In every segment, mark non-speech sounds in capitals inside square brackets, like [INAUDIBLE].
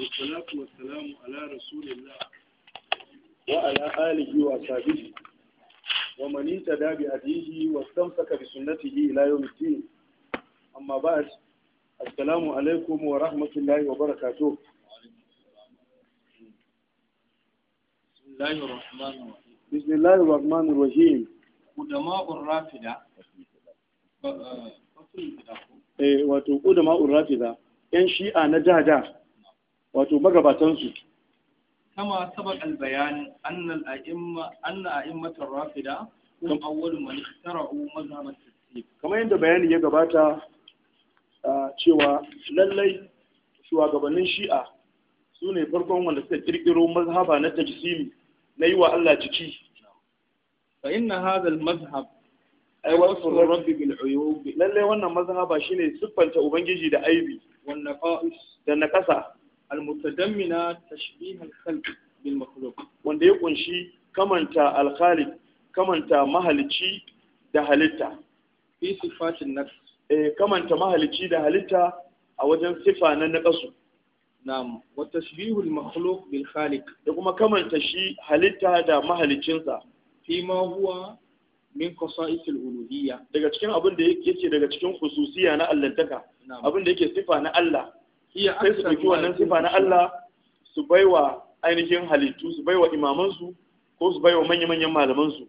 والصلاة والسلام على رسول الله وعلى آله وصحبه ومن اهتدى بهديه واستمسك بسنته إلى يوم الدين أما بعد السلام عليكم ورحمة الله وبركاته بسم الله الرحمن الرحيم بسم الله الرحمن الرحيم قدماء الرافدة فصل الفداء eh wato ƙudama urrafiza 'yan shi'a na dada wato magabatansu kama sabaq al-bayan anna al-a'imma anna a'immat ar-rafida hum awwal man ikhtara'u madhhab at-tasdid kamar yadda bayani ya gabata cewa lallai shugabannin shi'a su ne farkon wanda suka kirkiro mazhaba na tajsimi na yi wa Allah jiki fa inna hadha al-mazhab aiwatar rabbi bil uyub Lallai wannan mazhaba shine siffanta ubangiji da aibi wannan da nakasa المتضمنة تشبيه الخلق بالمخلوق wanda ya kunshi kamanta alkhaliq kamanta mahalici da halitta fi sifatin nafs eh kamanta mahalici da halitta a wajen sifa na naqasu na'am wa tashbihu al-makhluq bil khaliq da kuma kamanta shi halitta da mahalicinsa fi ma huwa min qasa'is al-uluhiyya daga cikin abin da yake daga cikin khususiyya na allantaka abin da yake sifa na Allah iya sai su ɗauki wannan sifa na Allah su baiwa ainihin halittu su baiwa imamansu ko su baiwa manya-manyan malamansu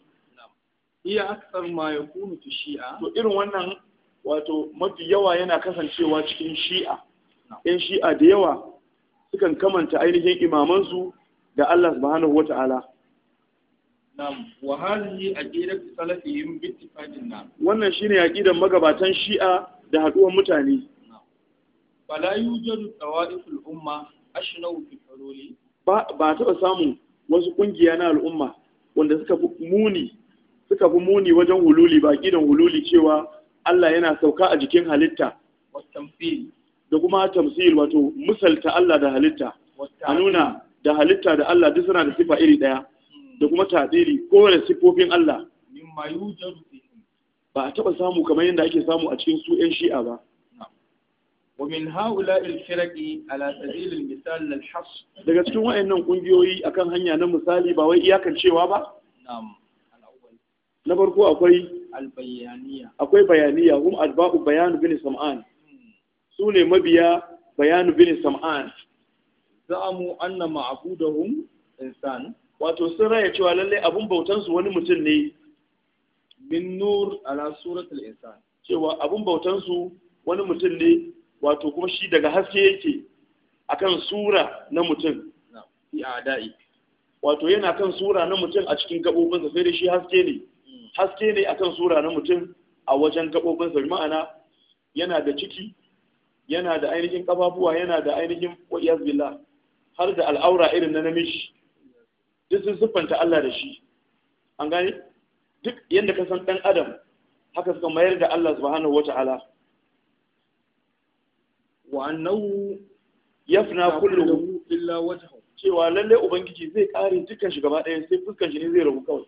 iya aksar ma ya kunu fi shi'a to irin wannan wato mafi yawa yana kasancewa cikin shi'a yan shi'a da yawa sukan kamanta ainihin imamansu da Allah subhanahu wa ta'ala Nam, wa hadhihi aqidatu salafihim bi ittifaqin nam. Wannan shine aqidan magabatan Shi'a da haduwan mutane. fala yujadu tawaiful umma ashnau fi hululi ba ba taɓa samun wasu kungiya na al'umma wanda suka fi muni suka fi muni wajen hululi ba gidan hululi cewa Allah yana sauka a jikin halitta da kuma tamsil wato misalta Allah da halitta a nuna da halitta da Allah duk suna da sifa iri daya da kuma tadiri ko da sifofin Allah ba a taba samu kamar yadda ake samu a cikin su yan shi'a ba ومن هؤلاء الفرق على سبيل المثال للحص daga cikin wayannan kungiyoyi akan hanya na misali ba wai iyakan cewa ba na'am na farko akwai albayaniya akwai bayaniya hum adba'u bayan bin sam'an hmm. su ne mabiya bayan bin sam'an za'amu anna ma'budahum insan wato sun raya cewa lalle abun bautan su wani mutum ne min nur ala suratul insan cewa abun bautan su wani mutum ne wato kuma shi daga haske yake akan sura na mutum wato yana kan sura na mutum a cikin gaɓoɓinsa sai dai shi haske ne hmm. haske ne akan sura na mutum a wajen gaɓoɓinsa ma'ana yana da ciki yana da ainihin ƙafafuwa yana da ainihin wa'iyaz billah har da al'aura irin na namiji duk sun siffanta Allah da shi an gane duk yadda ka san ɗan adam haka suka mayar da Allah subhanahu wata'ala wa annahu yafna kulluhu illa wajhu cewa lalle ubangiji zai kare dukkan shi gaba ɗaya sai fuskan shi ne zai rabu kawai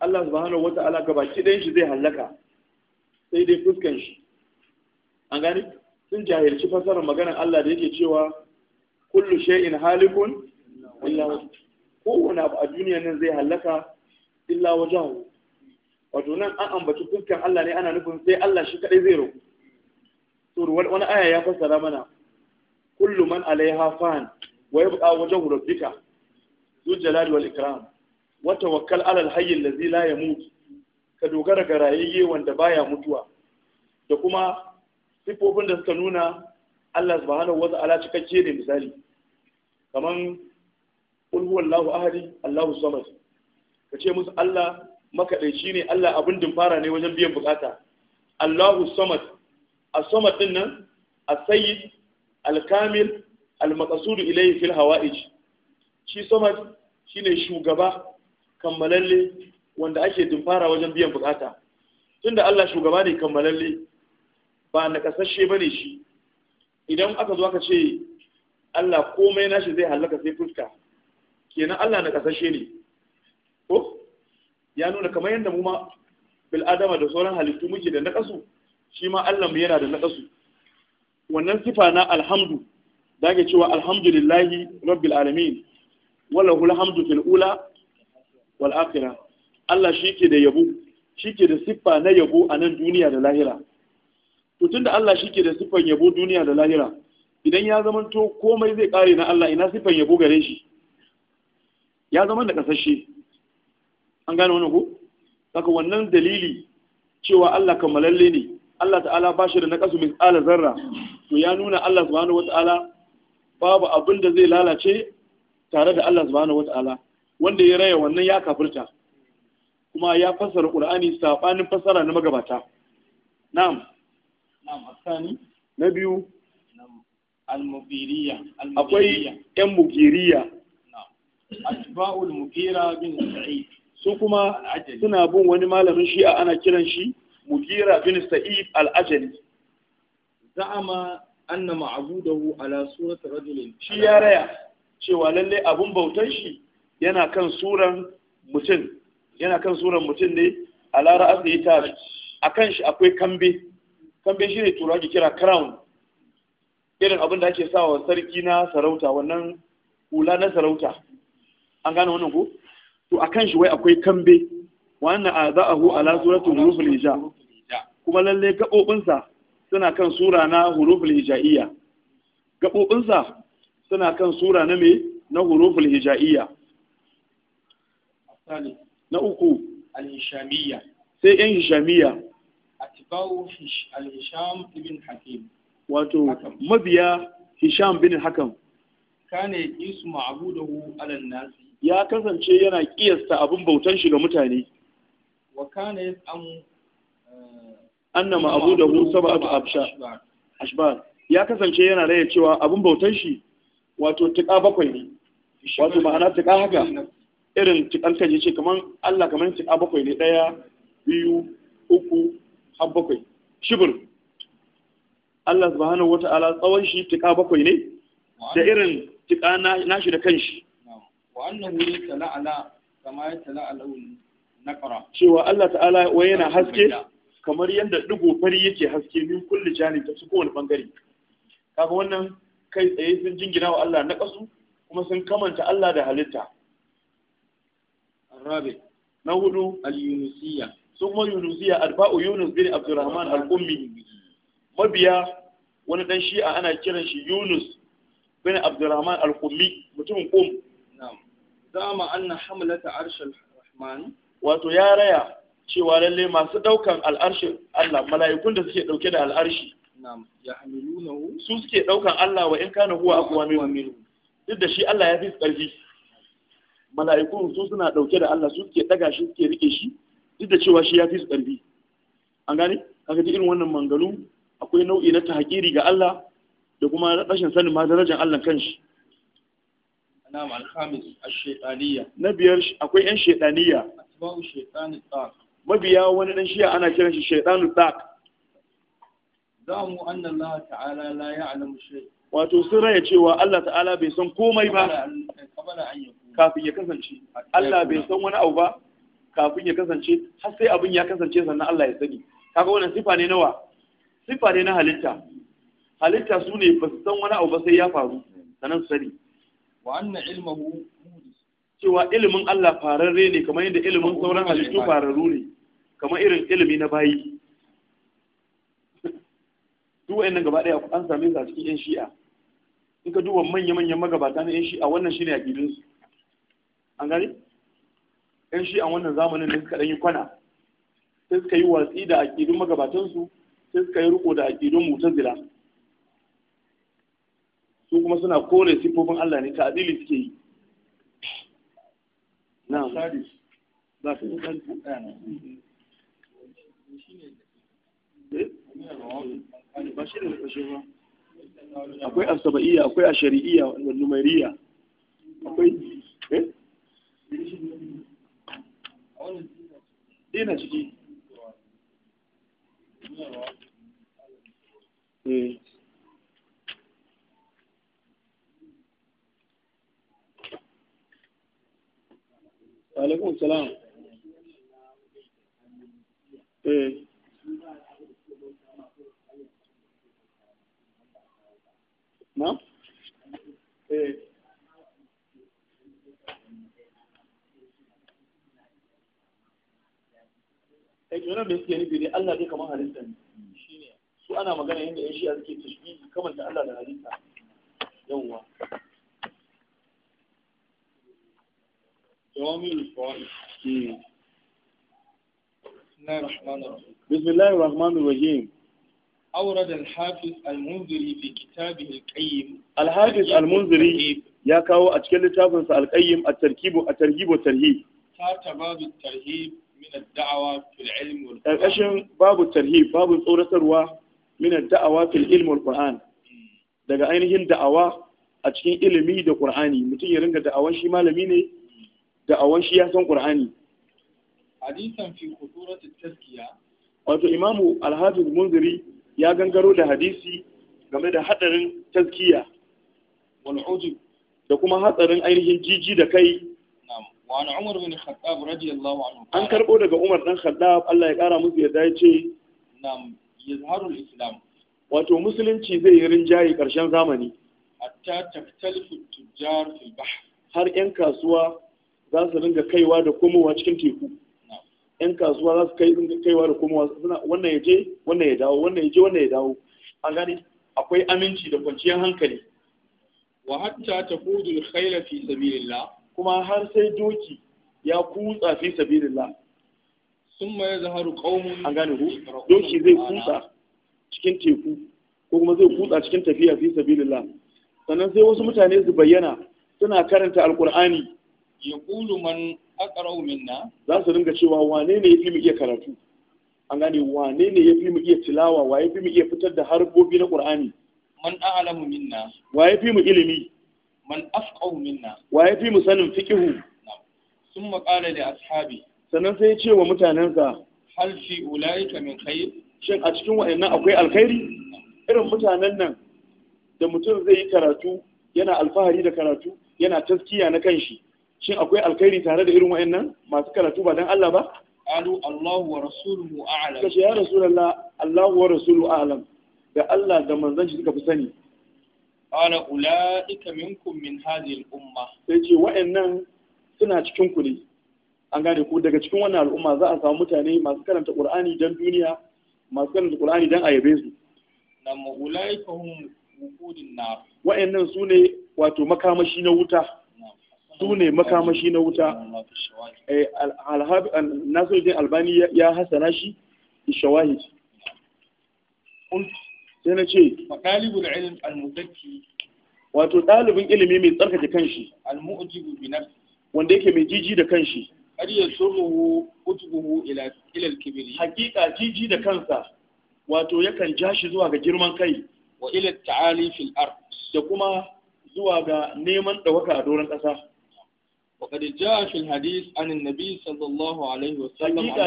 Allah subhanahu ta'ala gaba ki ɗayan shi zai halaka sai dai fuskan shi an gani sun jahilci fasarar maganar Allah da yake cewa kullu shay'in halikun illa wajhu kowane abu a duniya nan zai halaka illa wajhu wato nan an ambaci fuskan Allah ne ana nufin sai Allah shi kadai zai rabu saboda wani aya ya fassara mana kullu man alaiha fan wa yabqa wajhu rabbika dhul jalali wal ikram wa tawakkal ala al hayy ka dogara ga rayayye wanda baya mutuwa da kuma sifofin da suka nuna Allah subhanahu wa ta'ala cikakke ne misali kaman qul huwallahu ahadi Allahu samad kace musu Allah makaɗaici ne Allah abin fara ne wajen biyan bukata Allahu samad A samad ɗin nan as-sayyid al-kamil al-maqsud ilayhi fil hawa'ij shi samad shine shugaba kammalalle wanda ake dumfara wajen biyan bukata tunda Allah shugaba ne kammalalle ba na ba bane shi idan aka zo aka ce Allah komai nashi zai halaka sai fuska kenan Allah na kasashe ne ko ya nuna kamar yadda mu ma bil adama da sauran halittu muke da nakasu shi ma Allah mu yana da naƙasu wannan sifa na alhamdu da ake cewa alhamdulillahi rabbil alamin wallahu alhamdu fil ula wal akhira Allah shike da yabo shike da siffa na yabo a nan duniya da lahira to tunda Allah shike da siffan yabo duniya da lahira idan ya to komai zai kare na Allah ina siffan yabo gare shi ya zama da kasashe an gane wannan ko Kaka wannan dalili cewa Allah kamalalle ne Allah ta'ala ba shi da na kasu misala zarra to ya nuna Allah subhanahu wata'ala babu abin da zai lalace tare da Allah subhanahu wata'ala wanda ya raya wannan ya kafirta kuma ya fassara Qur'ani sabanin fassara na magabata na'am na'am asani na biyu al-mubiriya akwai yan mubiriya atba'ul mubira bin sa'id su kuma suna bin wani malamin shi'a ana kiran shi mugira bin sa'id al-ajali za'ama anna ma'budahu ala surati rajulin shi ya raya cewa lalle abun bautan shi yana kan suran mutum yana kan suran mutum ne ala ra'asi ta akan shi akwai kambe kambe shine turawa ke kira crown irin abin da ake sawa sarki na sarauta wannan hula na sarauta an gane wannan ko to akan shi wai akwai kambe wannan a za'ahu ala suratun huruful hija kuma lalle gabobinsa suna kan sura na huruful hijaiya gabobinsa suna kan sura na me na huruful hija'iyya na uku al-hishamiyya sai yan hishamiyya atba'u al-hisham ibn hakim wato mabiya hisham bin hakan kane yusu abudahu ala nasi ya kasance yana kiyasta abin bautan shi ga mutane وكان يزعم yas'amu annama abudahu sab'atu absha ashbar ya kasance yana raye cewa abun bautar shi wato tuka bakwai ne wato ma'ana tuka haka irin tukan kaji ce, kaman Allah kaman tuka bakwai ne daya biyu uku har bakwai shibir Allah subhanahu wata'ala tsawon shi tuka bakwai ne da irin tuka nashi da kanshi wa annahu yatala'ala kama yatala'ala cewa Allah ta'ala wai yana haske kamar yadda digo fari yake haske min kulli janib ta su kowane bangare kaga wannan kai tsaye sun jingina wa Allah na kasu kuma sun kamanta Allah da halitta arabi na hudu al-yunusiyya sun ma yunusiyya arba'u yunus bin abdurrahman al-ummi mabiya wani dan shi'a ana kiran shi yunus bin abdurrahman al-ummi mutumin qum na'am zama anna hamlata arshal rahman wato ya raya cewa lalle masu daukan al'arshin Allah mala'ikun da suke dauke da al'arshi su suke daukan Allah wa in kana huwa aqwa minhu duk da shi Allah ya fi karfi mala'ikun su suna dauke da Allah su suke daga shi suke rike shi duk da cewa shi ya fi karfi an gane kaga ji irin wannan mangalu akwai nau'i na tahqiri ga Allah da kuma rashin sanin ma darajar Allah kanshi na'am ash-shaytaniyya na biyar akwai yan shaytaniyya mabiya wani dan shi ana kiran shi shaytanu tsak. zamu anna Allah ta'ala la ya'lamu shay wato sun raya cewa Allah ta'ala bai san komai ba kafin ya kasance Allah bai san wani abu ba kafin ya kasance har sai abin ya kasance sannan Allah ya sani kaga wannan sifa ne nawa sifa ne na halitta halitta su ne ba su san wani abu ba sai ya faru sannan su sani wa anna ilmuhu cewa ilimin Allah fararre ne kamar yadda ilimin sauran halittu fararru ne kamar irin ilimi na bayi [LAUGHS] duk wa'annan gaba daya an same su a cikin yan shi'a in ka duba manya-manyan magabata na yan shi'a wannan shine a su an gani yan shi'a wannan zamanin da suka dan yi kwana sai suka yi watsi da aqidun magabatan su sai suka yi riko da aqidun mutazila su kuma suna kore sifofin Allah ne ta adili suke yi na eh? akwai asaba'iyya akwai ashari'iyya da numeriya akwai eh dina ciki eh alaikum ايه eh ايه eh. eh, wannan da suke nufi dai Allah dai kamar halitta ne shine su ana magana yadda yan shi'a suke tashbihi kamar da Allah da halitta yawwa جوامع الفوائد بسم الله الرحمن الرحيم بسم الله الرحمن الرحيم أورد الحافظ المنذري في كتابه القيم الحافظ المنذري يا كاو أتكلم تابنسا القيم التركيب الترهيب والترهيب تات باب الترهيب من الدعوة في العلم والقرآن الأشم باب الترهيب باب صورة الروا من الدعوة في العلم والقرآن daga ainihin da'awa a cikin ilimi da Qur'ani mutum ya ringa da'awan shi malami ne da awan shi ya san Qur'ani hadisan fi khuturati taskiya? wato imamu al-hafiz munziri ya gangaro da hadisi game da hadarin taskiya. wal ujub da kuma hatsarin ainihin jiji da kai وعن عمر بن الخطاب رضي الله عنه أن كربو daga Umar dan Khattab Allah ya kara musu yadda yace nam yazharul islam wato musulunci zai yi rinjaye karshen zamani hatta taktalifu tujjar fil bahr har yan kasuwa za su ringa kaiwa da komowa cikin teku yan kasuwa za su ringa kaiwa da komowa suna wannan ya je wannan ya dawo wannan ya je wannan ya dawo an gane akwai aminci da kwanciyar hankali wa hatta ta kudu khaila fi sabilillah kuma har sai doki ya kutsa fi sabilillah ya zaharu qaumun an gane ku doki zai kutsa cikin teku ko kuma zai kutsa cikin tafiya fi sabilillah sannan sai wasu mutane su bayyana suna karanta alqur'ani yaqulu man aqra'u minna za su ringa cewa wane ne yafi mu iya karatu an gane wane ne yafi mu iya tilawa wa yafi mu iya fitar da harbobi na qur'ani man a'lamu minna wa yafi mu ilimi man afqahu minna wa yafi mu sanin fiqhu summa qala li ashabi sannan sai ya ce wa mutanensa hal fi ulaika min khair shin a cikin wayannan akwai alkhairi irin mutanen nan da mutum zai yi karatu yana alfahari da karatu yana taskiya na kanshi shin akwai alkhairi tare da irin wa'annan masu karatu ba dan Allah ba alu Allahu wa rasuluhu a'lam kace ya rasulullah Allahu wa rasuluhu a'lam da Allah da manzon shi suka fi sani qala ulaika minkum min hadhihi al-umma sai ce wa'annan suna cikin ku ne an gane ku daga cikin wannan al'umma za a samu mutane masu karanta Qur'ani dan duniya masu karanta Qur'ani dan ayabe su nam ulaika hum wuqudun nar wa'annan sune wato makamashi na wuta su ne makamashi na wuta eh, nasiruddin albani ya hasana shi shawahi sai na ce ɗalibin wato ɗalibin ilimi mai tsarkake kanshi al-mu'jibu wanda yake mai jiji da kanshi har ya surruhu utubuhu ila hakika jiji da kansa wato yakan ja shi zuwa ga girman kai wa ila ta'ali fil ard da kuma zuwa ga neman ɗaukaka a doron ƙasa وقد جاء في الحديث عن النبي صلى الله عليه وسلم النبي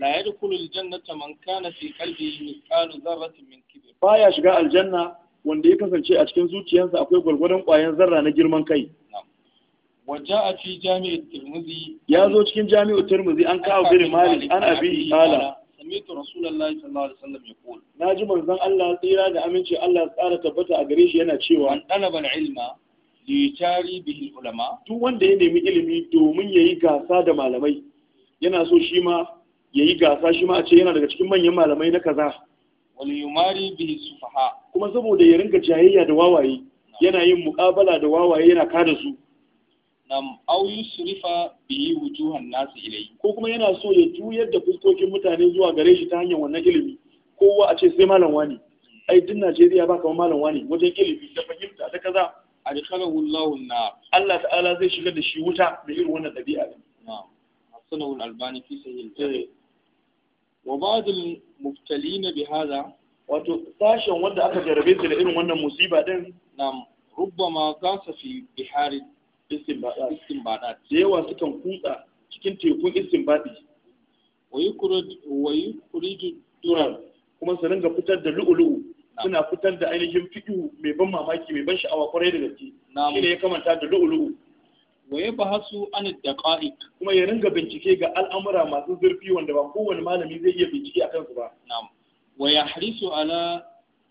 لا يدخل الجنة من كان في قلبه مثقال ذرة من كبر فايا شقاء الجنة wanda ya kasance a cikin zuciyarsa akwai gwargwadon ƙwayan zarra na girman kai. Waje a fi jami'ar Tirmuzi. Ya zo cikin jami'ar Tirmuzi an kawo birin Malik an abi Malam. sami'tu rasulullahi sallallahu alaihi wasallam yaqul naji manzon Allah tsira da aminci Allah tsara tabbata a gare shi yana cewa an talaba ilma li tari bihi ulama duk wanda ya nemi ilimi domin yayi gasa da malamai yana so shi ma yayi gasa shi ma a ce yana daga cikin manyan malamai na kaza wal yumari bihi sufaha kuma saboda ya ringa jayayya da wawaye yana yin muƙabala da wawaye yana kada su nam aw yusrifa bihi wujuhan nas ilayhi ko kuma yana so ya juyar da fuskokin mutane zuwa gare shi ta hanyar wannan ilimi kowa a ce sai malam wani ai duk Najeriya ba kamar malam wani wajen ilimi da fahimta da kaza adkhalahu Allahu na Allah ta'ala zai shiga da shi wuta da irin wannan dabi'a din na'am sanahu al-albani fi sahih eh. wa ba'd al muftalin bi hada. wato sashen wanda aka jarabe su da irin wannan musiba din na'am rubbama kasa fi biharin istinbada da yawa sukan kutsa cikin tekun istinbadi wa kuridu durar kuma su ringa fitar da lu'ulu'u suna fitar da ainihin fiɗu mai ban mamaki mai ban sha'awa kwarai da gaske shi ne ya kamanta da lu'ulu'u wa ya bahasu an daqa'iq kuma ya ringa bincike ga al'amura masu zurfi wanda ba kowane malami zai iya bincike a kansu ba Waya wa yahrisu ala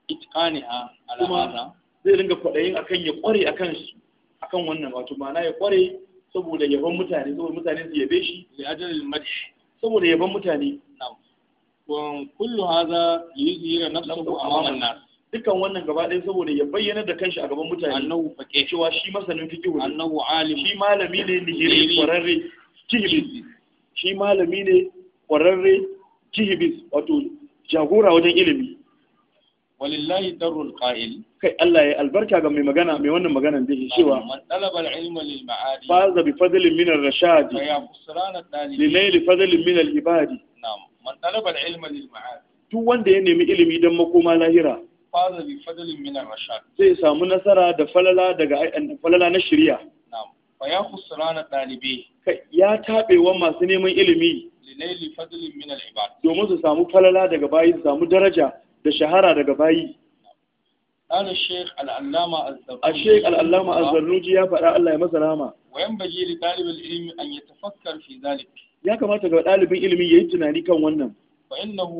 itqaniha ala hada zai ringa kwadayin akan ya kware akan shi akan wannan wato ma'ana ya kware saboda yaban mutane saboda mutane su yabe shi li ajalil madh saboda yaban mutane na'am wa kullu hadha yuzira nafsuhu amama an-nas dukkan wannan gaba ɗaya saboda ya bayyana da kanshi a gaban mutane annahu faqih cewa shi masanin fiqh ne annahu alim shi malami ne nigiri kwararre kihibis shi malami ne kwararre kihibis wato jagora wajen ilimi walillahi darul qa'il kai Allah ya albarka ga mai magana mai wannan maganan da yake cewa man talaba al-ilma lil ma'adi faza bi fadlin min ar-rashad ya khusrana dalil li layl fadlin min al-ibad na'am man talaba al-ilma lil ma'adi duk wanda ya nemi ilimi dan makoma lahira faza bi fadlin min ar rashadi. sai samu nasara da falala daga falala na shari'a na'am fa ya khusrana dalibi kai ya wa masu neman ilimi li layl fadlin min al-ibad domin su samu falala daga bayi su samu daraja da shahara daga bayi قال الشيخ العلامة الزرنوجي الشيخ العلامة ya يا فدا ya يا مسا رحمه وينبغي لطالب العلم أن يتفكر في ذلك tunani kan wannan فإنه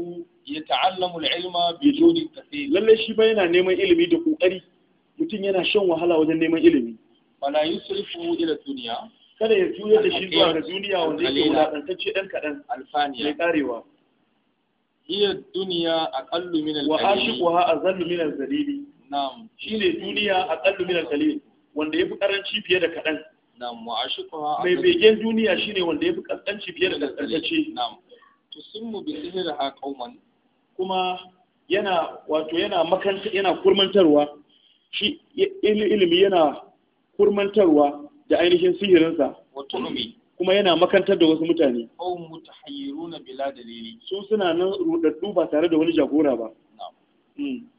يتعلم lalle shi ba yana neman ilimi da kokari mutum yana shan wahala wajen neman ilimi fala yusrifu ila duniya kada ya juya da shi zuwa ga duniya wanda yake wadatacce dan kaɗan. alfaniya mai karewa hiya duniya aqallu min al-qalil wa ashiquha azallu min al-zalili na'am shine duniya aqallu min al-qalil wanda yafi karanci fiye da kadan na'am wa ashiquha mai begen duniya shine wanda yafi karanci fiye da kaskace na'am tusimmu bi sihir ha qauman kuma yana wato yana makanta yana kurmantarwa shi ilimi yana kurmantarwa da ainihin sihirinsa wato ilimi kuma yana makantar da wasu mutane qawm mutahayyiruna bila dalili su suna nan rudaddu ba tare da wani jagora ba na'am hmm.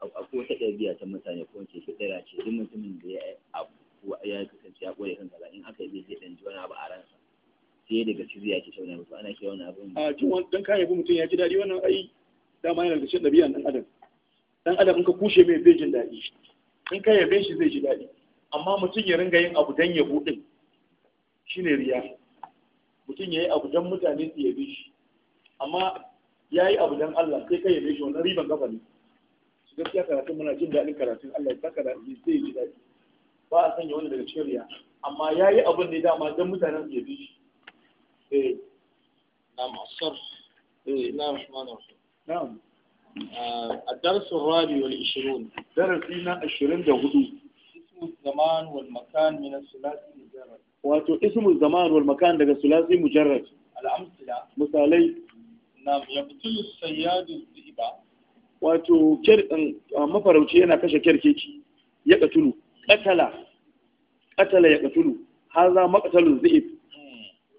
akwai wata ɗabi'a ta mutane ko ce fitira ce duk mutumin da ya abu ya kasance ya ƙware kan kaza in aka yi zai ɗan ji wani abu a ransa sai daga ciri ya ce shauna mutu ana kira wani abu a cin dan kan yabi mutum ya ji daɗi wannan ai dama yana da cikin ɗabi'a ɗan adam ɗan adam in ka kushe mai bai daɗi in ka yabe shi zai ji daɗi amma mutum ya ringa yin abu don yabo ɗin shine riya mutum ya yi abu don mutane su yabe shi amma ya yi abu don Allah sai ka yabe shi wannan riban gaba ne su gaskiya karatun muna jin daɗin karatun Allah ya saka daɗi zai ji daɗi ba a sanya wani daga cikin riya amma ya yi abin ne dama don mutanen su yabe shi eh na masar eh na rahmanar na'am الدرس الرابع والعشرون درس لنا عشرين دهودو اسم الزمان والمكان من الثلاثي مجرد واتو اسم الزمان والمكان ده الثلاثي مجرد الأمثلة مثالي نعم يبطل السياد الذئب واتو كر مفروشي أنا كشا كركيكي يقتلو قتل قتل يقتلو هذا مقتل الزئب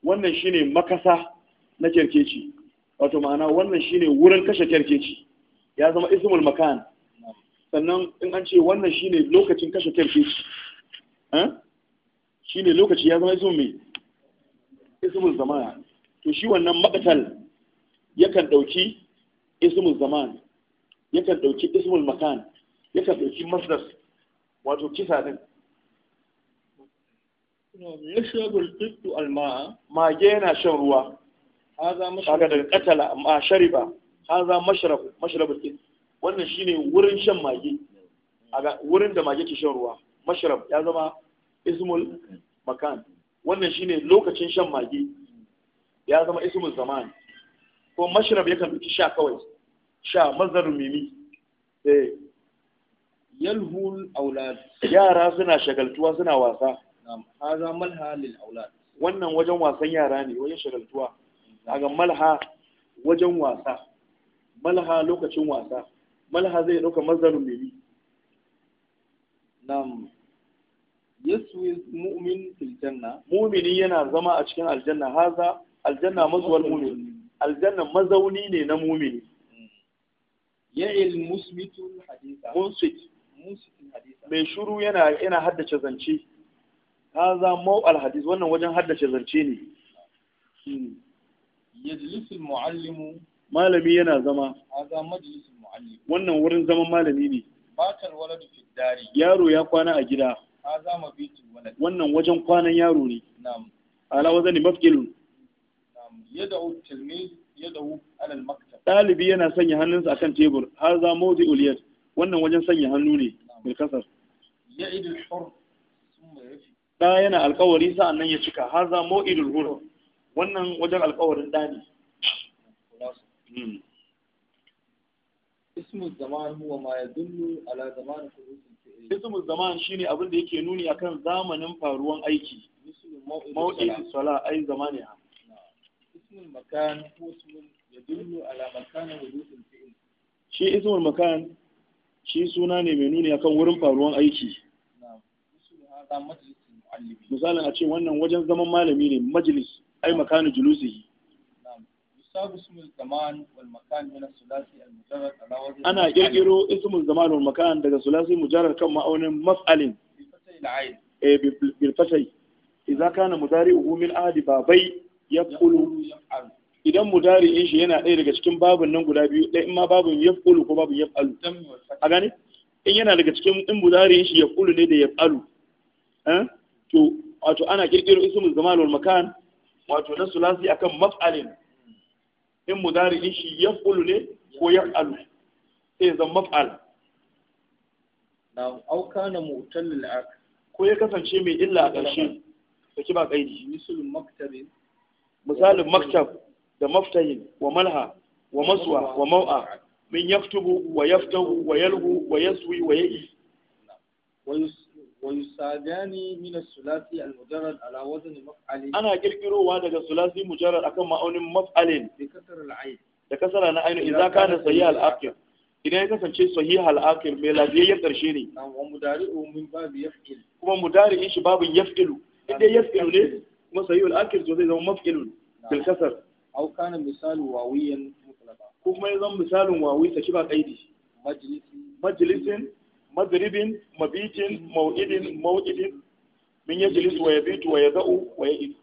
wannan shine makasa na kerkeci wato ma'ana wannan shine wurin kashe kerkeci ya zama ismul makan sannan in an ce wannan shine lokacin kashe shi eh? shine lokaci ya zama ismul mai ismul zaman to shi wannan maqtal yakan dauki ismul zaman yakan dauki ismul makan yakan dauki masdar wato kisa din yashrabu al mage yana shan ruwa kaga daga katala ma ba. haza mashrabu mashrabul in wannan shine wurin shan mage aga wurin da mage ke shan ruwa mashrab ya zama ismul makan wannan shine lokacin shan mage ya zama ismul zaman ko mashrab yakan fiti sha kawai sha mazdarun mimi eh yalhul aulad yara suna shagaltuwa suna wasa haza malha lil aulad wannan wajen wasan yara ne wajen shagaltuwa daga malha wajen wasa malha lokacin wasa malha zai dauka mazalun mili nam yaswi mu'min fil janna mu'mini yana zama a cikin aljanna haza aljanna mazwal mu'min aljanna mazauni ne na mu'mini ya'il musmitu haditha munsit mai shuru yana yana haddace zance haza mau al hadith wannan wajen haddace zance ne yajlisu al muallimu malami yana zama wannan wurin zaman malami ne yaro ya kwana a gida wannan wajen kwanan yaro ne ala wazani ne na'am yad'u tilmiz dalibi yana sanya hannunsa akan tebur haza mawdi'ul uliyar wannan wajen sanya hannu ne mai kasar ya'idul yana alkawari sa'an da yana alƙawari sa'annan ya cika haza mawidul wannan wajen alƙawarin ɗani. Hmm. ismu zaman huwa ma yadullu ala zaman hudusul fi'l ismu zaman shine abin da yake nuni akan zamanin faruwan aiki mau'id sala ay zamaniha ismul makan huwa ismun yadullu ala makan hudusul fi'l shi ismul makan shi suna ne mai nuni akan wurin aiki misalin a ce wannan wajen zaman malami ne majalis ai makanu julusihi ana kirkiro ismin zaman wal makan daga sulasi mujarrad kan ma'aunin mas'alin eh bil fatai idza kana mudari'uhu min ahadi babai yaqulu idan mudari in shi yana ɗaya daga cikin babun nan guda biyu ɗaya in ma babun yaqulu ko babun yaqalu a gane in yana daga cikin in mudari in shi yaqulu ne da yaqalu eh to wato ana kirkiro ismin zaman wal makan wato na sulasi akan mas'alin in mudari in shi ya kulu ne ko ya alu sai zan maf'al na auka na mutalil ak ko ya kasance mai illa a ƙarshe saki ba ƙaidi misalin maktabin misalin maktab da maftahin wa malha wa maswa wa maw'a min yaftubu wa yaftahu wa yalhu wa yaswi wa ya'i ويساقاني من الثلاثي المجرد على وزن مفعل أنا كيرو هذا الثلاثي مجرد أكم مأون مفعل بكسر العين da kasara na ainihin idza kana sahih idan ya kasance sahih al mai lafiyayyen ƙarshe ne babu kuma mudari'in shi babin yaf'ilu idan yaf'ilu ne kuma sahih al-akhir to zai zama maf'ilun bil kasar aw kana misalu wawiyan mutlaqa kuma ya zama misalin wawi saki ba kaidi majlisin majlisin madribin mabitin mawidin mawidin min yajlis wa yabitu wa yada'u wa ya'id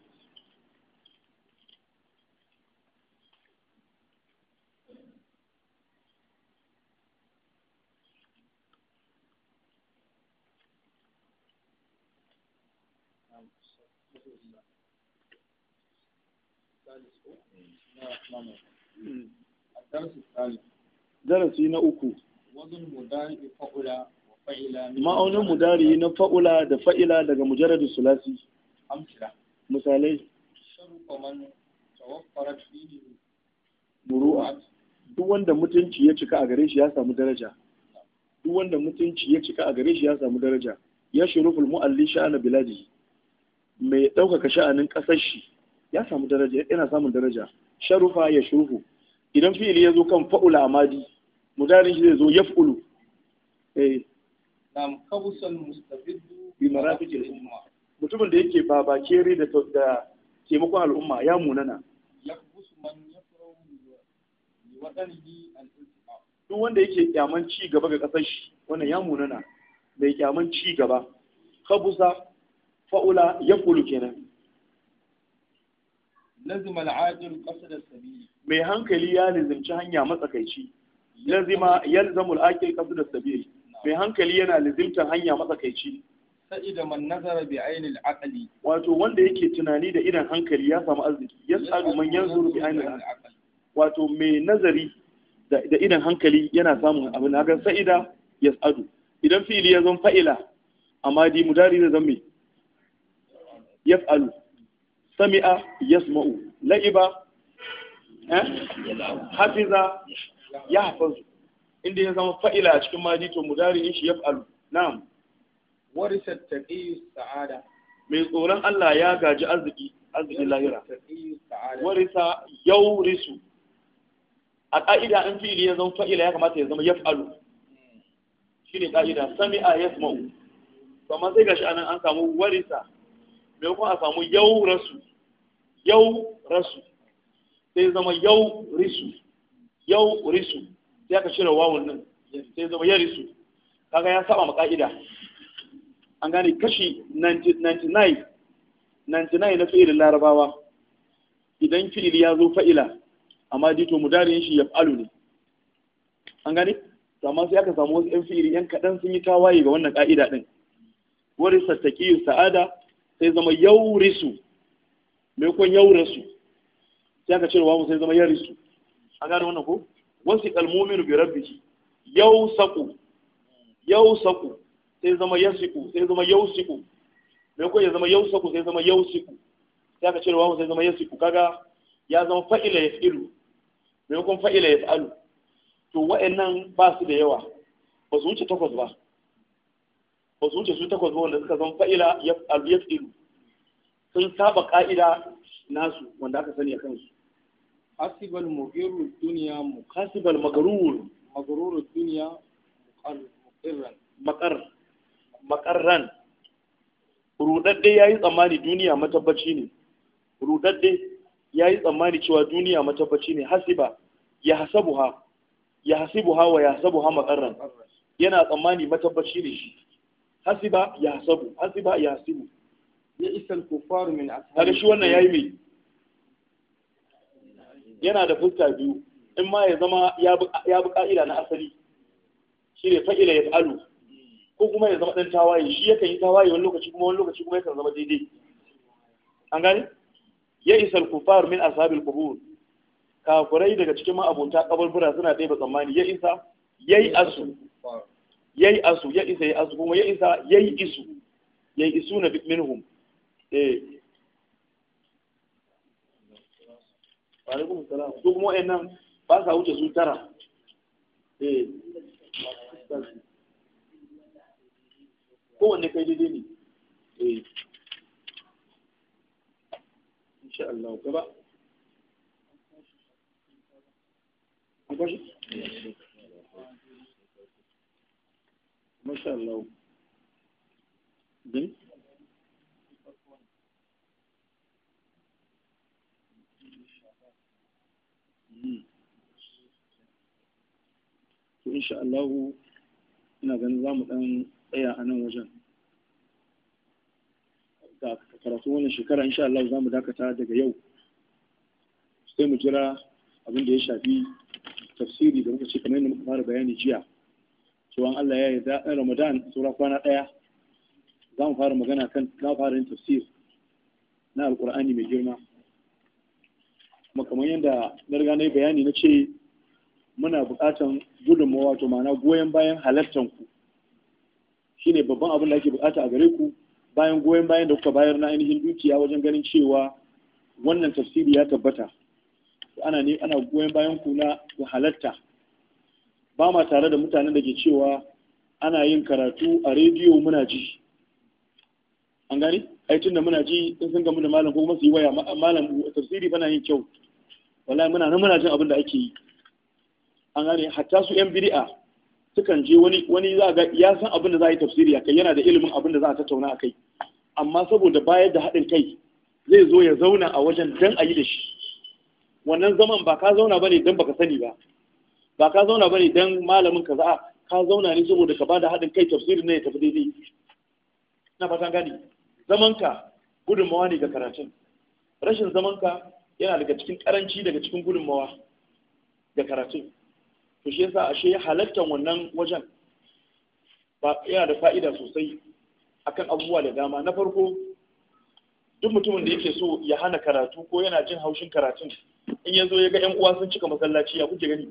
درسي na uku. Wazin mudari fa'ula ma'aunin mudari na fa'ula da fa'ila daga mujarradu sulasi misalai muru'a duk wanda mutunci ya cika a gare shi ya samu daraja duk wanda mutunci ya cika a gare shi ya samu daraja ya rufin mu'alli sha'ana biladi mai ɗaukaka sha'anin ƙasar shi ya samu daraja yana samun daraja sharufa ya shuhu idan fi'ili ya zo kan fa'ula a madi, mudarin shi zai zo yaf'ulu eh nam mutumin da yake ba ba kere da da taimakon al'umma ya munana yakbusu duk wanda yake kyaman ci gaba ga kasar shi wannan ya munana mai kyaman ci gaba kabusa fa'ula ya kulu kenan lazima al'adil da sabili mai hankali ya lazimci hanya matsakaici lazima yalzamu al'aqil qasda sabili mai hankali yana lizimtar hanya matsakaici sa'ida man nazara bi ainil aqli wato wanda yake tunani da idan hankali ya samu arziki yas'alu man yanzuru bi ainil aqli wato mai nazari da idan hankali yana samun Na ga sa'ida yas'alu idan fi'ili ya zama fa'ila amma di mudari da zama yas'alu sami'a yasma'u la'iba eh? hafiza yahfazu inda ya zama fa'ila a cikin madi to mudari in shi yaf'alu na'am warisa taqi sa'ada mai tsoron Allah ya gaji arziki arziki lahira warisa yaurisu a ƙa'ida in fi ya zama fa'ila ya kamata ya zama yaf'alu shine ƙa'ida sami'a yasma'u to amma sai gashi anan an samu warisa me kuma a samu yawrasu? sai zama yawrisu. sai aka cire wawun nan sai zama su kaga ya saba maka'ida an gane kashi 99 99 na fi'ilin larabawa idan fi'il ya zo fa'ila amma dito mudarin shi ya fa'alu ne an gane amma sai aka samu wasu 'yan fi'ili 'yan kaɗan sun yi tawaye ga wannan ka'ida ɗin Wani taƙiyu sa'ada sai zama su mai kwan su sai aka cire wawun sai zama su an gane wannan ko wasu almominu bi rabbihi yau Yausaku, sai zama yasiku sai zama Yausiku, me ko ya zama Yausaku, sai zama Yausiku, sai aka cire wawan sai zama yasiku kaga ya zama fa'ila ya me ko fa'ila ya to wa'annan ba su da yawa ba su wuce takwas ba ba su wuce su takwas ba wanda suka zama fa'ila ya sun saba ka'ida nasu wanda aka sani a kansu hasibal mu'irru duniya mu hasibal magarur magarur duniya muqarran maqar maqarran rudadde yayi tsammani duniya matabbaci ne rudadde yayi tsammani cewa duniya matabbaci ne hasiba ya hasabuha ya hasibuha wa ya hasabuha maqarran yana tsammani matabbaci ne shi hasiba ya hasabu hasiba ya hasibu ya isal kufar min ashabi kaga shi wannan yayi mai yana da fuska biyu in ma ya zama ya bi ka'ida na asali shi ne fa'ila ya fa'alu ko kuma ya zama ɗan tawaye shi yakan yi tawaye wani lokaci kuma wani lokaci kuma yakan zama daidai an gani ya isa kufar min asabil kubur Kafurai daga cikin ma'abota kaburbura suna dai ba tsammani ya isa yayi asu yayi asu ya isa ya asu kuma ya isa yayi isu yayi isu na bitminhum eh Walaikun salam. Su kuma nan ba sa wuce su tara. Eh. kai daidai ne. Eh. Insha Allah ba An insha Allah ina ganin za mu ɗan tsaya a nan wajen ga karatu wannan shekara insha Allah za mu dakata daga yau sai mu jira abin da ya shafi tafsiri da muka ce kamar yadda muka fara bayani jiya cewa Allah ya yarda ɗan Ramadan saura kwana ɗaya za mu fara magana kan za fara yin tafsir na Alqur'ani mai girma kuma kamar yadda na riga na yi bayani na ce muna buƙatan gudunmawa to ma'ana goyon bayan halartar ku shine babban abin da ake buƙata a gare ku bayan goyon bayan da kuka bayar na ainihin dukiya wajen ganin cewa wannan tafsiri ya tabbata ana ne ana goyon bayan ku na halatta ba ma tare da mutanen da ke cewa ana yin karatu a rediyo muna ji an gani ai tunda muna ji in sun gamu da malam ko kuma su yi waya malam tafsiri bana yin kyau wallahi muna nan muna jin abin da ake yi an gane hatta su yan bid'a sukan je wani wani za ga ya san abin da za yi tafsiri kai, yana da ilimin abin da za a tattauna kai amma saboda bayar da haɗin kai zai zo ya zauna a wajen dan a yi da shi wannan zaman ba ka zauna bane dan baka sani ba ba ka zauna bane dan malamin ka za'a ka zauna ne saboda ka bada haɗin kai tafsirin ne ya tafi daidai na fatan gani Zaman ka gudunmawa ne ga karatun rashin zaman ka yana daga cikin karanci daga cikin gudunmawa ga karatun to shi yasa ashe halattan wannan wajen ba yana da fa'ida sosai akan abubuwa da dama na farko duk mutumin da yake so ya hana karatu ko yana jin haushin karatun in ya zo ya ga 'yan uwa sun cika masallaci ya kuke gani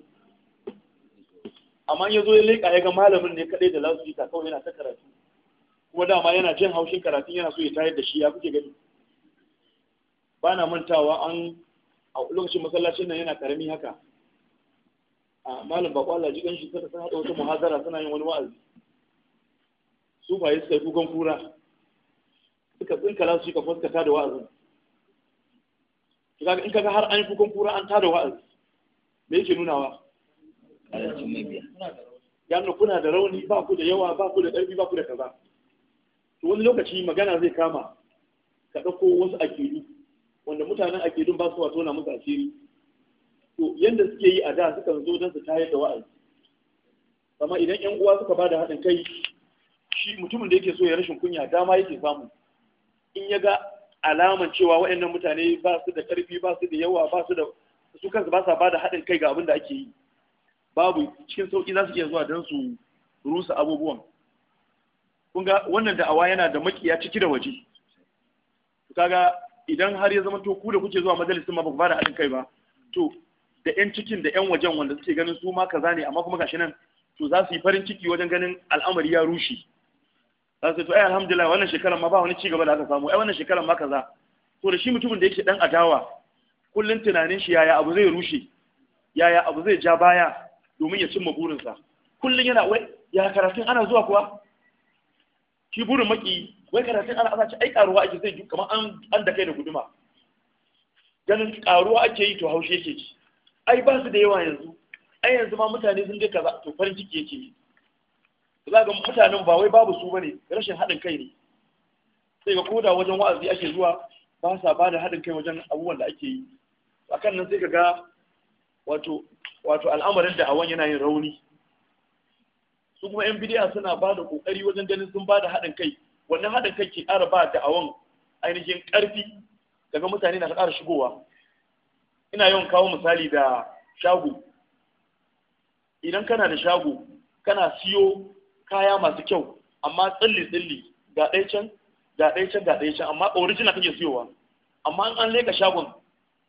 amma ya zo ya leƙa ya ga malamin ne kaɗai da lasfika kawai yana ta karatu kuma dama yana jin haushin karatun yana so ya tayar da shi ya kuke gani ba na mantawa an a lokacin masallacin nan yana karami haka malam bako Allah jikan shi suka da wata muhazara suna yin wani wa'azi su ba suka yi kukan kura suka tsinkala su suka fuskata da wa'azi. kaga in kaga har an yi kukan kura an tada wa'azi me yake nunawa ya nuna kuna da rauni ba ku da yawa ba ku da ƙarfi ba ku da kaza to wani lokaci magana zai kama ka ɗauko wasu akidu wanda mutanen akidun ba su wato na musu asiri to yadda suke yi a da sukan zo don su tayar da wa'azi amma idan yan uwa suka bada haɗin kai shi mutumin da yake so ya rashin kunya dama yake samu in ya ga alaman cewa waɗannan mutane ba su da ƙarfi ba su da yawa ba su da su kansu ba sa bada haɗin kai ga abin da ake yi babu cikin sauƙi za su iya zuwa don su rusa abubuwan kun ga wannan da'awa yana da makiya ciki da waje kaga idan har ya zama to ku da kuke zuwa majalisin ma ba ku bada haɗin kai ba to da yan cikin da yan wajen wanda suke ganin su ma kaza ne amma kuma gashi nan to za su yi farin ciki wajen ganin al'amari ya rushe za su to ai alhamdulillah wannan shekarar ma ba wani ci gaba da aka samu ai wannan shekarar ma kaza to da shi mutumin da yake dan adawa kullun tunanin shi yaya abu zai rushe yaya abu zai ja baya domin ya cimma burinsa kullun yana wai ya karatun ana zuwa kuwa Ki burin maki wai karatun ana azaci ai karuwa ake zai kamar an an da kai da guduma ganin karuwa ake yi to haushe yake ci ai ba su da yawa yanzu ai yanzu ma mutane sun ga kaza to farin ciki yake yi za ga mutanen ba wai babu su bane rashin haɗin kai ne sai ga koda wajen wa'azi ake zuwa ba sa ba da haɗin kai wajen abubuwan da ake yi akan nan sai ka ga wato wato al'amarin da awan yana yin rauni su kuma yan bidiya suna ba da kokari wajen ganin sun ba da haɗin kai wannan haɗin kai ke ƙara ba da awan ainihin ƙarfi daga mutane na ƙara shigowa ina yawan kawo misali da shago idan kana da shago kana siyo kaya masu kyau amma tsilli-tsilli ga ɗaya can ga ɗaya can ga ɗaya can amma orijina kake siyowa amma an leka shagon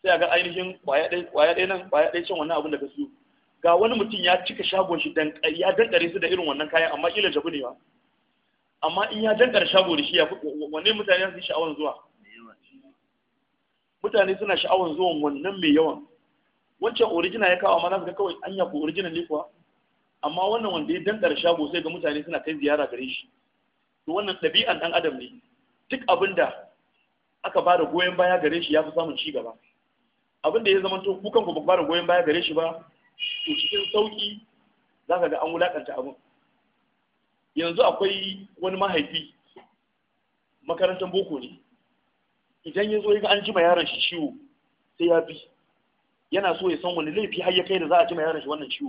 sai a ga ainihin kwaya ɗaya nan kwaya ɗaya can wannan abin da ka siyo ga wani mutum ya cika shagon shi ya dankare su da irin wannan kayan amma kila jabu ne ba amma in ya dankare shago da shi ya, wanne mutane su yi sha'awar zuwa mutane suna sha'awar zuwan wannan mai yawan wancan original ya kawo mana za kawai anya ko original ne kuwa amma wannan wanda ya dankar shago sai ga mutane suna kai ziyara gare shi to wannan ɗabi'an dan adam ne duk abinda aka ba da goyon baya gare shi ya fi samun ci gaba Abinda ya zama to ku kanku ba ba da goyon baya gare shi ba to cikin sauki za ka ga an wulakanta abin yanzu akwai wani mahaifi makarantar boko ne idan ya zo ya ga an jima yaron shi ciwo sai ya bi yana so ya san wani laifi har ya kai da za a jima yaron shi wannan ciwo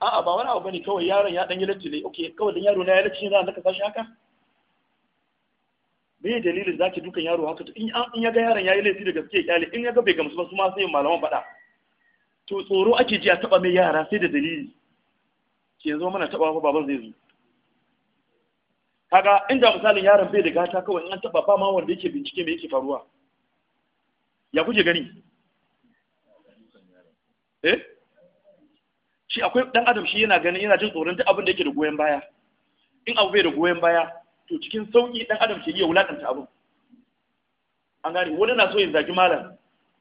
a'a ba wani abu bane kawai yaron ya dan yi latti ne okay kawai dan yaro na ya latti ne za a naka sashi haka me dalilin zaki dukan yaro haka to in ya ga yaron yi laifi da gaske kyale in ya ga bai gamsu ba su ma sai malaman faɗa to tsoro ake ji a taba mai yara sai da dalili ke zo mana taba fa baban zai zo kaga inda misalin yaron bai da gata kawai in an taba ba ma wanda yake bincike mai yake faruwa ya kuje gani eh shi akwai dan adam shi yana ganin yana jin tsoron duk abin da yake da goyen baya in abu bai da goyen baya to cikin sauki dan adam ke iya wulakanta abin an gane wani na so ya zagi malam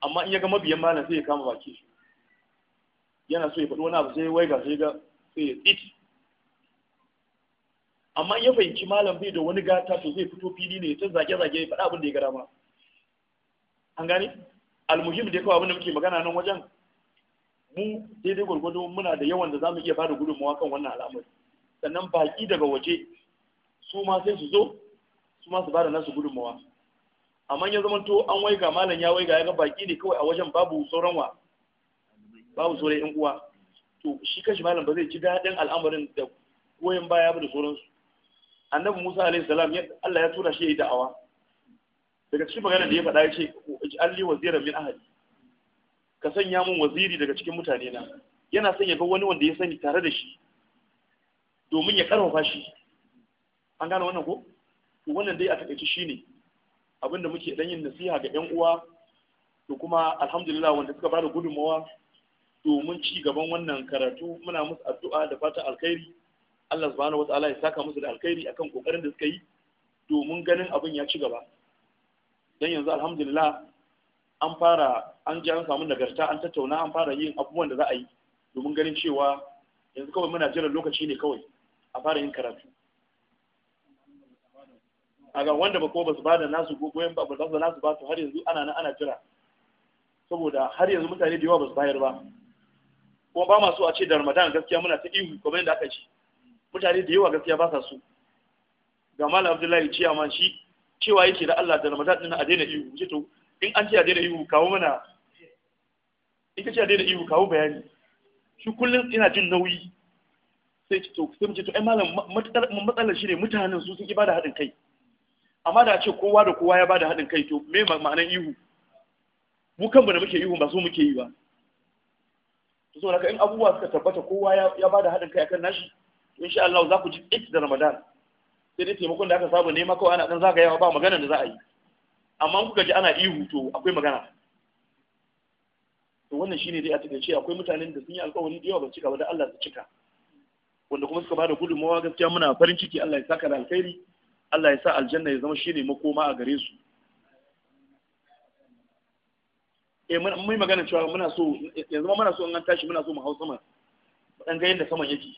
amma in ya ga mabiyan malam sai ya kama baki yana so ya faɗi wani abu sai ya waiga sai ya ga sai ya tsiti. amma ya fahimci malam bai da wani gata to zai fito fili ne ta zage-zage ya faɗa abin da ya gara ma an gane almuhim da ya kawo abin da muke magana nan wajen mu daidai gwargwado muna da yawan da za mu iya bada gudunmawa kan wannan al'amari sannan baki daga waje su ma sai su zo su ma su bada nasu gudunmawa amma ya zama to an waiga malam ya waiga ya ga baki ne kawai a wajen babu sauran wa babu sauran yan uwa to shi kashi malam ba zai ci daɗin al'amarin da goyon baya ba da sauransu annabi Musa alaihi salam Allah ya tura shi yayin da'awa daga cikin magana da ya faɗa ya ce alli wazira min ahli ka sanya mun waziri daga cikin mutane na yana son ya ga wani wanda ya sani tare da shi domin ya karfafa shi an gane wannan ko wannan dai a takaice shine abinda muke dan yin nasiha ga yan uwa to kuma alhamdulillah wanda suka bada gudunmawa domin ci gaban wannan karatu muna musu addu'a da fata alkhairi Allah subhanahu ta'ala ya saka musu da alkhairi akan kokarin da suka yi domin ganin abin ya ci gaba dan yanzu alhamdulillah an fara an ji an samu nagarta an tattauna an fara yin abubuwan da za a yi domin ganin cewa yanzu kawai muna jiran lokaci ne kawai a fara yin karatu a ga wanda ba kuma ba su bada nasu goyon ba ba za su nasu ba su har yanzu ana nan ana jira saboda har yanzu mutane da yawa ba su bayar ba kuma ba masu a ce da ramadan gaskiya muna ta ihu kamar yadda aka ce mutane da yawa gaskiya ba sa so ga malam abdullahi ciyaman shi cewa yake da Allah da ramadan din a daina ihu ce to in an ce a daina ihu kawo mana in ka ce a daina ihu kawo bayani shi kullum ina jin nauyi sai ki to sai mu ce to ai malam matsalar shi ne mutanen su sun ki bada haɗin kai amma da a ce kowa da kowa ya bada haɗin kai to me ma'anar ihu mu kanmu da muke ihu ba su muke yi ba to saboda in abubuwa suka tabbata kowa ya bada haɗin kai akan nashi sha Allah za ku ji it da Ramadan sai dai taimakon da aka saba nema kawai ana dan zagayawa ba magana da za a yi amma kuka ji ana ihu to akwai magana to wannan shine dai a takaice akwai mutanen da sun yi alƙawari da yawa ba cika ba da Allah su cika wanda kuma suka bada gudunmawa gaskiya muna farin ciki Allah ya saka da alkhairi Allah ya sa aljanna ya zama shine makoma a gare su eh mun magana cewa muna so yanzu muna so in an tashi muna so mu hau sama dan ga yadda saman yake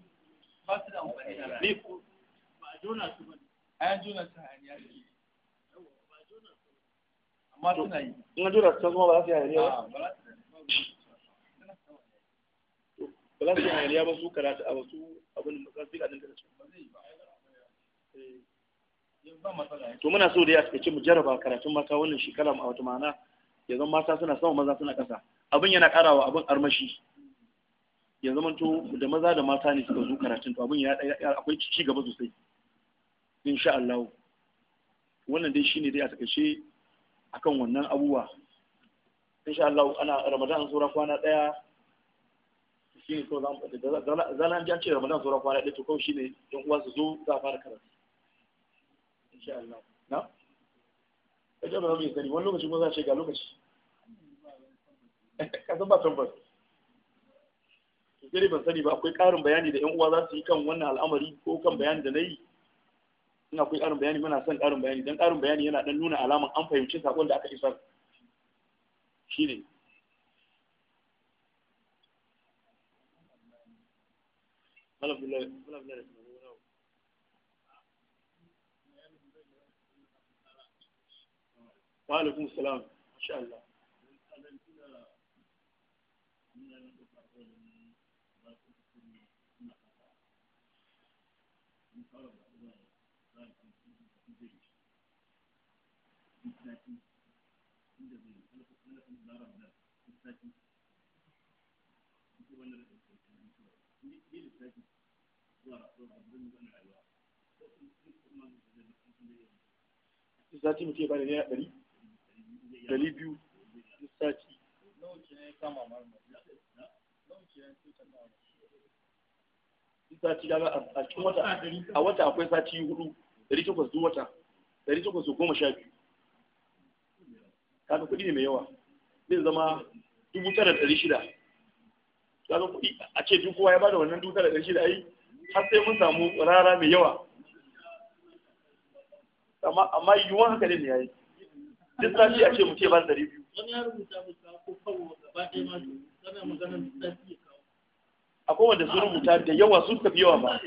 ba su da amfani da rani ba a jona su ba a yan jona su hayaniya ne amma suna yi in jona su kuma ba za su yi hayaniya ba ba za su yi hayaniya ba su karatu a wasu abin da za su yi kadin karatu ba zai yi ba eh, to muna so da ya ce mu jarraba karatun mata wannan shekara a wata ma'ana ya zama mata suna sama maza suna ƙasa abin yana ƙarawa abin armashi ya zamanto da maza da mata ne suka zo karatun to abin ya akwai ci gaba sosai insha Allah wannan dai shine dai a takaice akan wannan abubuwa insha Allah ana Ramadan sura kwana daya shine to zan an ce Ramadan sura kwana daya to kawai shine don uwa su zo za fara karatu insha Allah na kaje ba mu sani wani lokaci ko za a ce ga lokaci [LAUGHS] ka san ba tabbas dare ban sani ba akwai ƙarin bayani da yan uwa za su yi kan wannan al'amari ko kan bayani da na yi in akwai ƙarin bayani muna son ƙarin bayani don ƙarin bayani yana ɗan nuna alaman an fahimci sakon da aka isar shi ne Wa alaikum salam, Allah. Sati mutum da a mutum ya bada ɗari ɗari biyu Sati. sati a cikin wata a wata akwai sati hudu ɗari takwas duk wata ɗari takwas goma sha biyu kaga kuɗi ne mai yawa zai zama dubu tara ɗari shida kaga kuɗi a ce duk kowa ya bada wannan dubu tara ɗari shida ai har sai mun samu rara mai yawa amma amma yiwuwan haka ne ya yi duk sati a ce mu ce ba ɗari biyu akwai wanda sun rubuta da yawa sun tafi yawa ba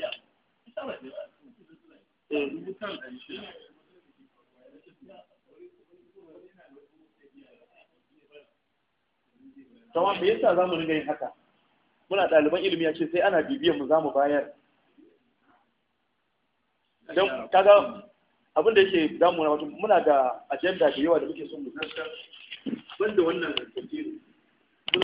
sama me yasa za mu yin haka muna ɗaliban ilimi ya ce sai ana bibiyar mu za mu bayar don kaga abin da yake damu na wato muna da agenda da yawa da muke son mu wanda banda wannan tafsiri